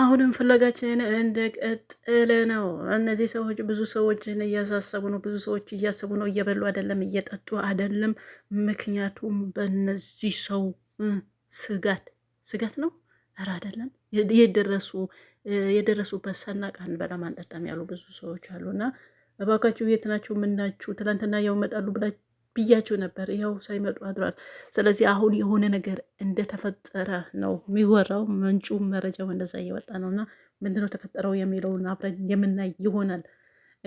አሁንም ፍለጋችን እንደቀጠለ ነው። እነዚህ ሰዎች ብዙ ሰዎችን እያሳሰቡ ነው። ብዙ ሰዎች እያሰቡ ነው። እየበሉ አይደለም፣ እየጠጡ አይደለም። ምክንያቱም በነዚህ ሰው ስጋት ስጋት ነው። ኧረ አይደለም የደረሱ የደረሱበት ሰናቃን በጣም አንጠጣም ያሉ ብዙ ሰዎች አሉና እባካችሁ የት ናችሁ? ምናችሁ? ትላንትና ያው ይመጣሉ ብላችሁ ብያቸው ነበር። ይኸው ሳይመጡ አድሯል። ስለዚህ አሁን የሆነ ነገር እንደተፈጠረ ነው የሚወራው። ምንጩ መረጃው እንደዛ እየወጣ ነው እና ምንድነው ተፈጠረው የሚለውን አብረን የምናይ ይሆናል።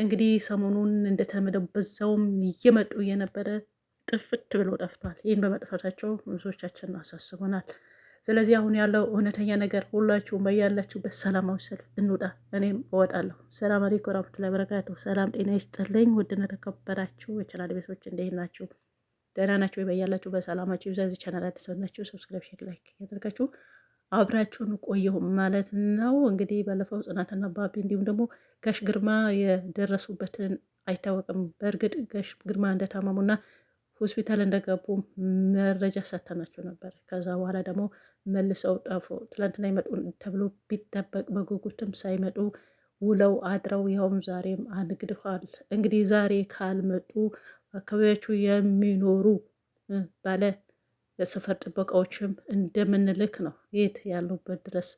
እንግዲህ ሰሞኑን እንደተለመደው በዛውም እየመጡ የነበረ ጥፍት ብሎ ጠፍቷል። ይህን በመጥፋታቸው ብዙዎቻችን አሳስቦናል። ስለዚህ አሁን ያለው እውነተኛ ነገር ሁላችሁም በያላችሁበት ሰላማዊ ሰልፍ እንውጣ፣ እኔም እወጣለሁ። ሰላም አለይኩም ወራህመቱላሂ ወበረካቱሁ። ሰላም ጤና ይስጥልኝ። ውድና ተከበራችሁ የቻናል ቤቶች እንዴት ናችሁ? ደህና ናችሁ? በያላችሁ በሰላማችሁ ይብዛ። እዚህ ቻናል አዲስ ናችሁ፣ ሰብስክሪፕሽን፣ ላይክ ያደርጋችሁ አብራችሁን ቆየሁ ማለት ነው። እንግዲህ ባለፈው ጽናትና ባቢ እንዲሁም ደግሞ ጋሽ ግርማ የደረሱበትን አይታወቅም። በእርግጥ ጋሽ ግርማ እንደታመሙና ሆስፒታል እንደገቡ መረጃ ሰተናቸው ነበር። ከዛ በኋላ ደግሞ መልሰው ጠፉ። ትላንትና ይመጡ ተብሎ ቢጠበቅ በጉጉትም ሳይመጡ ውለው አድረው ይኸውም ዛሬም አንግድኋል። እንግዲህ ዛሬ ካልመጡ አካባቢያችሁ የሚኖሩ ባለ የሰፈር ጥበቃዎችም እንደምንልክ ነው የት ያሉበት ድረስ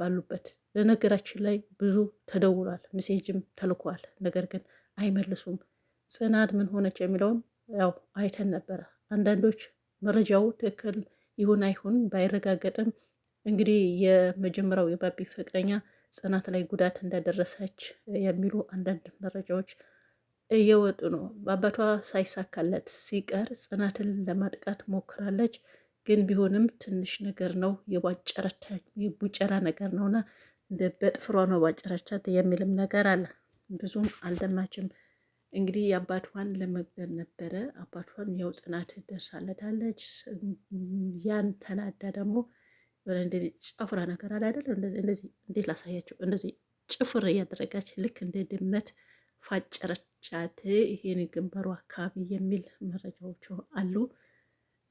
ባሉበት። ለነገራችን ላይ ብዙ ተደውሏል፣ ሜሴጅም ተልኳል። ነገር ግን አይመልሱም። ጽናት ምን ሆነች የሚለውን ያው አይተን ነበረ። አንዳንዶች መረጃው ትክክል ይሁን አይሁን ባይረጋገጥም እንግዲህ የመጀመሪያው የባቢ ፍቅረኛ ጽናት ላይ ጉዳት እንዳደረሰች የሚሉ አንዳንድ መረጃዎች እየወጡ ነው። በአባቷ ሳይሳካለት ሲቀር ጽናትን ለማጥቃት ሞክራለች። ግን ቢሆንም ትንሽ ነገር ነው የቡጨራ ነገር ነውና በጥፍሯ ነው ባጨረቻት የሚልም ነገር አለ። ብዙም አልደማችም። እንግዲህ የአባቷን ለመግደል ነበረ። አባቷን ያው ጽናት ደርሳለታለች። ያን ተናዳ ደግሞ ጨፍራ ነገር አለ አይደል? እንደዚህ እንዴት ላሳያቸው፣ እንደዚህ ጭፍር እያደረጋች ልክ እንደ ድመት ፋጨረቻት። ይሄን ግንባሩ አካባቢ የሚል መረጃዎች አሉ።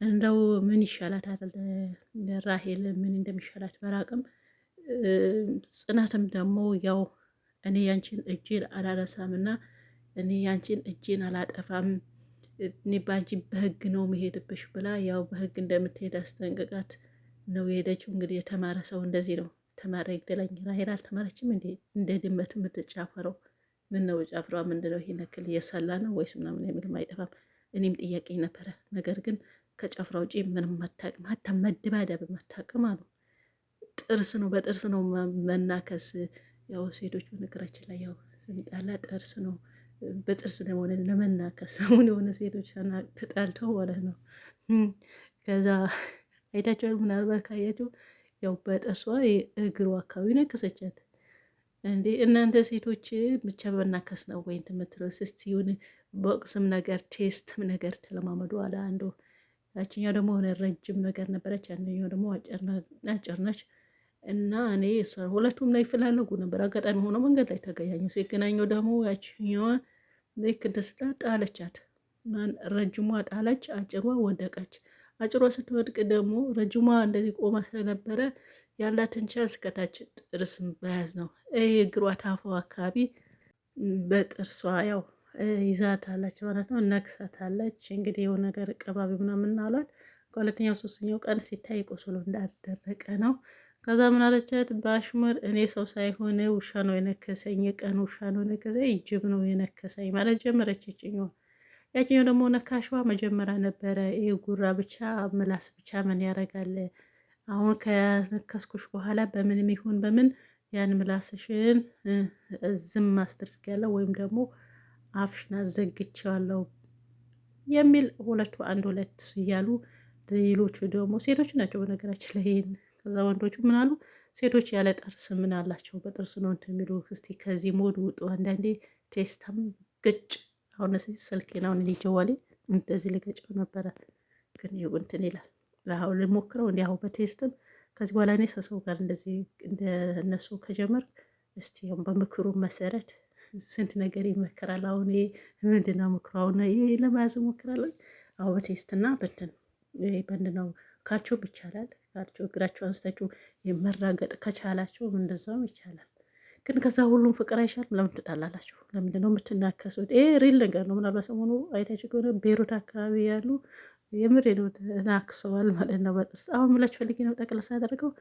እንደው ምን ይሻላት አይደል? ራሄል ምን እንደሚሻላት በራቅም ጽናትም ደግሞ ያው እኔ ያንቺን እጅን አላነሳም እና እኔ ያንቺን እጄን አላጠፋም፣ እኔ በአንቺ በህግ ነው መሄድብሽ ብላ ያው በህግ እንደምትሄድ አስጠንቅቃት ነው የሄደችው። እንግዲህ የተማረ ሰው እንደዚህ ነው። ተማረ ይግደለኝ። ራሄል አልተማረችም እንዴ? እንደ ድመት የምትጫፈረው ምን ነው? ጫፍሯ ምንድነው? ይሄን ያክል እየሰላ ነው ወይስ ምናምን የሚልም አይጠፋም። እኔም ጥያቄ ነበረ። ነገር ግን ከጫፍራ ውጪ ምንም አታውቅም፣ ሀታ መደባደብ አታውቅም አሉ። ጥርስ ነው በጥርስ ነው መናከስ። ያው ሴቶቹ ንግራችን ላይ ያው ስንጣላ ጥርስ ነው በጥርስ ደግሞ ለመናከስ አሁን የሆነ ሴቶች ተጣልተው ማለት ነው። ከዛ አይታችኋል፣ ምናልባት ካያችሁ ያው በጥርሷ እግሩ አካባቢ ነከሰቻት። እንዴ እናንተ ሴቶች ብቻ በመናከስ ነው ወይ የምትሉት? እስቲ የሆነ ቦቅስም ነገር ቴስትም ነገር ተለማመዱ አለ አንዱ። ያችኛው ደግሞ የሆነ ረጅም ነገር ነበረች፣ አንደኛው ደግሞ አጭር ነች። እና እኔ ሁለቱም ላይ ፍላለጉ ነበር። አጋጣሚ ሆኖ መንገድ ላይ ተገናኙ። ሲገናኙ ደግሞ ያችኛዋ ልክ እንደ ጣለቻት። ማን ረጅሟ ጣለች፣ አጭሯ ወደቀች። አጭሯ ስትወድቅ ደግሞ ረጅሟ እንደዚህ ቆማ ስለነበረ ያላትን ቻንስ ከታች ጥርስም በያዝ ነው። ይህ እግሯ ታፏ አካባቢ በጥርሷ ያው ይዛት አለች ማለት ነው። ነክሳት አለች እንግዲህ የሆነ ነገር ቀባቢ ምናምን አሏት። ከሁለተኛው ሶስተኛው ቀን ሲታይ ቁስሉ እንዳደረቀ ነው። ከዛ ምን አለቻት? በአሽሙር እኔ ሰው ሳይሆን ውሻ ነው የነከሰኝ፣ የቀን ውሻ ነው የነከሰኝ፣ ጅብ ነው የነከሰኝ ማለት ጀመረች። ይችኛው ያችኛው ደግሞ ነካሽዋ መጀመሪያ ነበረ። ይሄ ጉራ ብቻ ምላስ ብቻ ምን ያደርጋል? አሁን ከነከስኩሽ በኋላ በምን ይሁን በምን ያን ምላስሽን ዝም አስደርጊያለሁ ወይም ደግሞ አፍሽን አዘግቼዋለሁ የሚል ሁለቱ አንድ ሁለት እያሉ ሌሎቹ ደግሞ ሴቶች ናቸው በነገራችን ላይ ከዛ ወንዶቹ ምን አሉ ሴቶች ያለ ጥርስ ምን አላቸው? በጥርስ ነው እንትን የሚሉ። እስቲ ከዚህ ሞድ ውጡ። አንዳንዴ ቴስታም ግጭ። አሁን ስልክ አሁን እኔ ጀዋሌ እንደዚህ ልገጨው ነበረ፣ ግን ይኸው እንትን ይላል። አሁን ልሞክረው እንዲ አሁን በቴስትም ከዚህ በኋላ እኔ ሰሰው ጋር እንደዚህ እንደነሱ ከጀመር እስቲ በምክሩ መሰረት ስንት ነገር ይመከራል። አሁን ምንድነው ምክሩ? አሁን ለመያዝ ሞክራለን። አሁን በቴስትና በትን በንትን በንድነው ካቸው ይቻላል ካላችሁ እግራችሁ አንስታችሁ የመራገጥ ከቻላችሁ እንደዛውም ይቻላል። ግን ከዛ ሁሉም ፍቅር አይሻልም? ለምን ትጣላላችሁ? ለምንድን ነው የምትናከሱት? ይሄ ሪል ነገር ነው። ምናልባት ሰሞኑ አይታችሁ ከሆነ ቤሩት አካባቢ ያሉ የምሬ ነው ተናክሰዋል ማለት ነው በጥርስ አሁን ብላችሁ ፈልጌ ነው ጠቅለስ ያደረገው።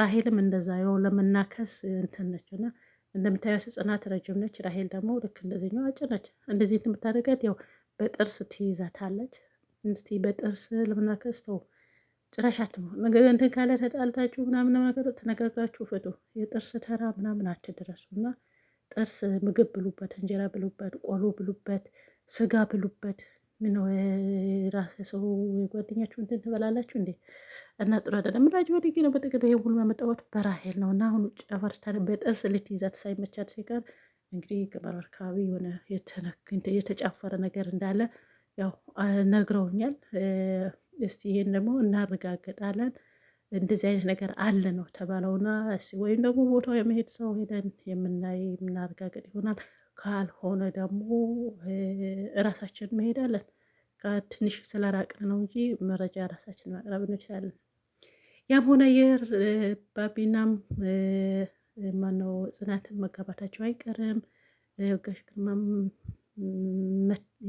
ራሄልም እንደዛ ያው ለመናከስ እንትን ነች እና እንደምታየው ጽናት ረጅም ነች። ራሄል ደግሞ ልክ እንደዚህኛው አጭር ነች። እንደዚህ እንትን ብታደርጋት ያው በጥርስ ትይዛታለች። እስቲ በጥርስ ለመናከስ ተው። ጭራሻት ነው ነገር እንትን ካለ ተጣልታችሁ ምናምን ነገር ተነጋግራችሁ ፍቱ። የጥርስ ተራ ምናምን አትድረሱ እና ጥርስ ምግብ ብሉበት፣ እንጀራ ብሉበት፣ ቆሎ ብሉበት፣ ስጋ ብሉበት። ምን ራስ ሰው ጓደኛችሁ እንትን ትበላላችሁ እንዴ? እና ጥሩ አደለ ምላጅ ወደጌ ነው። በጥቅሉ ይሄ ሁሉ መመጣወት በራሄል ነው እና አሁኑ ጨፈርታ በጥርስ ልትይዛት ሳይመቻት ሲቀር እንግዲህ ገበር አካባቢ የሆነ የተነክ የተጫፈረ ነገር እንዳለ ያው ነግረውኛል። እስቲ ይሄን ደግሞ እናረጋግጣለን እንደዚህ አይነት ነገር አለ ነው ተባለውና ወይም ደግሞ ቦታው የመሄድ ሰው ሄደን የምናይ የምናረጋግጥ ይሆናል። ካልሆነ ደግሞ እራሳችን መሄዳለን። ትንሽ ስለራቅን ነው እንጂ መረጃ ራሳችን ማቅረብ እንችላለን። ያም ሆነ የር ባቢናም ማነው ጽናትን መጋባታቸው አይቀርም። ጋሽ ግርማም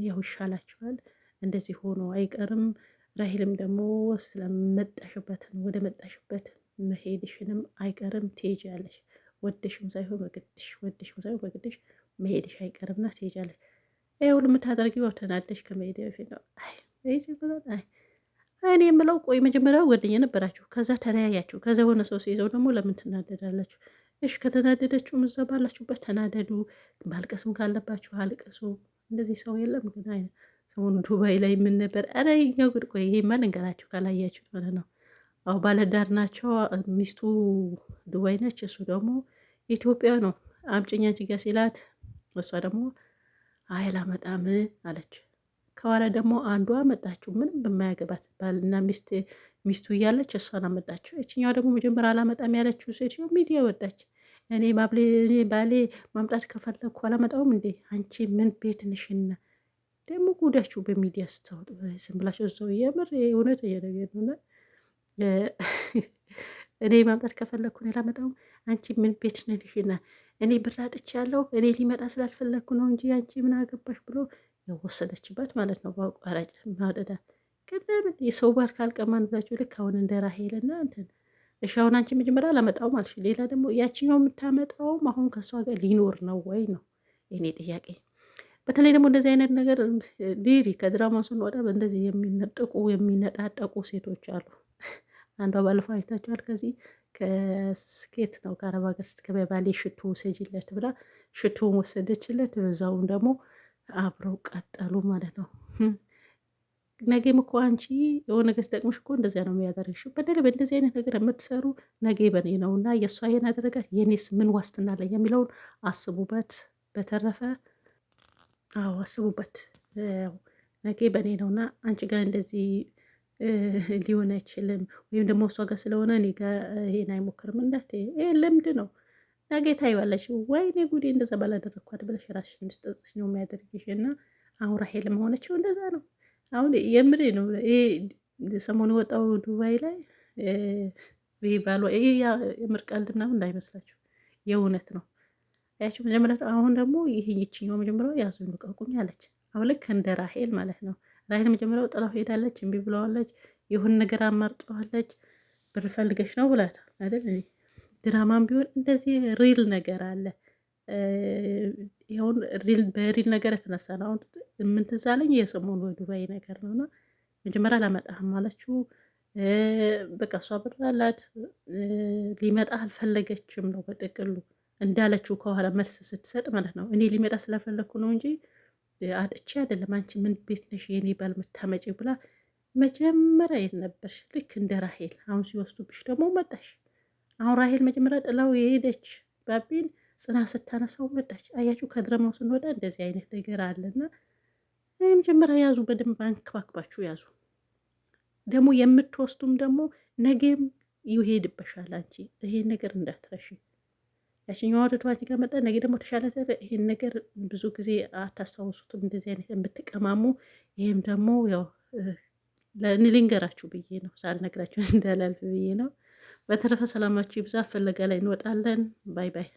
ያው ይሻላቸዋል። እንደዚህ ሆኖ አይቀርም። ራሂልም ደግሞ ስለመጣሽበትን ወደ መጣሽበት መሄድሽንም አይቀርም ትሄጃለሽ። ወደሽም ሳይሆን በግድሽ ወደሽም ሳይሆን በግድሽ መሄድሽ አይቀርምና ትሄጃለሽ። ይህ ሁሉ የምታደርጊው ያው ተናደሽ ከመሄድ በፊት ነው። እኔ የምለው ቆይ መጀመሪያው ጓደኛ ነበራችሁ፣ ከዛ ተለያያችሁ፣ ከዛ የሆነ ሰው ሲይዘው ደግሞ ለምን ትናደዳላችሁ? እሽ ከተናደደችውም እዛ ባላችሁበት ተናደዱ። ማልቀስም ካለባችሁ አልቅሱ። እንደዚህ ሰው የለም ግን አይነት ሰሞኑ ዱባይ ላይ ምን ነበር? ኧረ የእኛው ጉድ! ቆይ ይሄማ ልንገራችሁ ካላያችሁ ማለት ነው። አሁ ባለዳር ናቸው። ሚስቱ ዱባይ ነች፣ እሱ ደግሞ ኢትዮጵያ ነው። አምጪኝ አንቺ ጋ ሲላት እሷ ደግሞ አይ አላመጣም አለች። ከኋላ ደግሞ አንዷ መጣችው፣ ምንም በማያገባት ባልና ሚስት ሚስቱ እያለች እሷን አመጣችው። እችኛው ደግሞ መጀመሪያ አላመጣም ያለችው ሴትዮ ሚዲያ ወጣች። እኔ ባሌ ማምጣት ከፈለግኩ አላመጣውም እንዴ አንቺ ምን ቤት ንሽና ደግሞ ጉዳችሁ በሚዲያ ስታወጡ ዝም ብላችሁ ሰው የምር እውነት እየነገር ነው። እኔ ማምጣት ከፈለግኩ ነው የላመጣውም። አንቺ ምን ቤት ነልሽና እኔ ብራጥች ያለው እኔ ሊመጣ ስላልፈለግኩ ነው እንጂ አንቺ ምን አገባሽ ብሎ ወሰደችበት ማለት ነው። በአቋራጭ ማውደዳ ቅድምን የሰው ባር ካልቀማን ብላችሁ ልክ አሁን እንደ ራሄልና እንትን እሺ፣ አሁን አንቺ መጀመሪያ አላመጣውም አልሽ። ሌላ ደግሞ ያችኛው የምታመጣውም አሁን ከእሷ ጋር ሊኖር ነው ወይ ነው የኔ ጥያቄ። በተለይ ደግሞ እንደዚህ አይነት ነገር ዲሪ ከድራማ ስንወጣ በእንደዚህ የሚነጠቁ የሚነጣጠቁ ሴቶች አሉ። አንዷ ባለፈው አይታችኋል። ከዚህ ከስኬት ነው ከአረብ ሀገር ስትገበያ ባሌ ሽቱ ውሰጅለት ብላ ሽቱን ወሰደችለት። በዛውም ደግሞ አብረው ቀጠሉ ማለት ነው። ነገም እኮ አንቺ የሆነ ነገር ሲጠቅምሽ እኮ እንደዚያ ነው የሚያደርግሽ። በተለይ በእንደዚህ አይነት ነገር የምትሰሩ ነገ በኔ ነው እና የእሷ ይሄን አደረጋት የኔስ ምን ዋስትና ላይ የሚለውን አስቡበት። በተረፈ አዎ አስቡበት። ነገ በእኔ ነውና አንቺ ጋር እንደዚህ ሊሆን አይችልም፣ ወይም ደግሞ እሷ ጋር ስለሆነ እኔ ጋር ይሄን አይሞክርም እንዳት ይሄ ልምድ ነው። ነገ ታይዋለሽ። ወይኔ ጉዴ እንደዛ ባላደረግኳት ብለሽ ራስሽን እንድትጠይቂሽ ነው የሚያደርግሽ። እና አሁን ራሄል መሆነችው እንደዛ ነው። አሁን የምሬ ነው። ይሄ ሰሞኑ ወጣው ዱባይ ላይ ይህ ባሏ ይህ የምር ቀልድ ምናምን እንዳይመስላችሁ የእውነት ነው። ያቸው መጀመሪያ አሁን ደግሞ ይህ ይችኛው መጀመሪያ ያዙኝ ልቀቁኝ አለች። አሁን ልክ እንደ ራሄል ማለት ነው። ራሄል መጀመሪያው ጥላው ሄዳለች፣ እምቢ ብለዋለች፣ የሆን ነገር አማርጠዋለች። ብር ፈልገሽ ነው ብላት አይደል? ድራማም ቢሆን እንደዚህ ሪል ነገር አለ። ሁን በሪል ነገር የተነሳ ነው። አሁን የምንትዛለኝ የሰሞኑ ዱባይ ነገር ነው። ነውና መጀመሪያ አላመጣህም አለችው። በቃ እሷ ብር አላት፣ ሊመጣ አልፈለገችም ነው በጥቅሉ እንዳለችው ከኋላ መልስ ስትሰጥ ማለት ነው። እኔ ሊመጣ ስለፈለግኩ ነው እንጂ አጥቼ አይደለም። አንቺ ምን ቤት ነሽ የኔ ባል ምታመጪ ብላ መጀመሪያ የት ነበርሽ? ልክ እንደ ራሄል አሁን ሲወስዱብሽ ደግሞ መጣሽ። አሁን ራሄል መጀመሪያ ጥላው የሄደች ባቢን ጽና ስታነሳው መጣች። አያችሁ ከድረማው ስንወጣ እንደዚህ አይነት ነገር አለና መጀመሪያ ያዙ፣ በደንብ አንክባክባችሁ ያዙ። ደግሞ የምትወስዱም ደግሞ ነገም ይሄድበሻል። አንቺ ይሄን ነገር እንዳትረሽኝ። ያችኛዋ ወደዷ ጋር መጣ። ነገ ደግሞ ተሻለ። ይህን ነገር ብዙ ጊዜ አታስታውሱትም እንደዚህ አይነት የምትቀማሙ። ይህም ደግሞ ያው ልንገራችሁ ብዬ ነው፣ ሳልነግራችሁ እንዳላልፍ ብዬ ነው። በተረፈ ሰላማችሁ ይብዛ። ፈለጋ ላይ እንወጣለን። ባይ ባይ።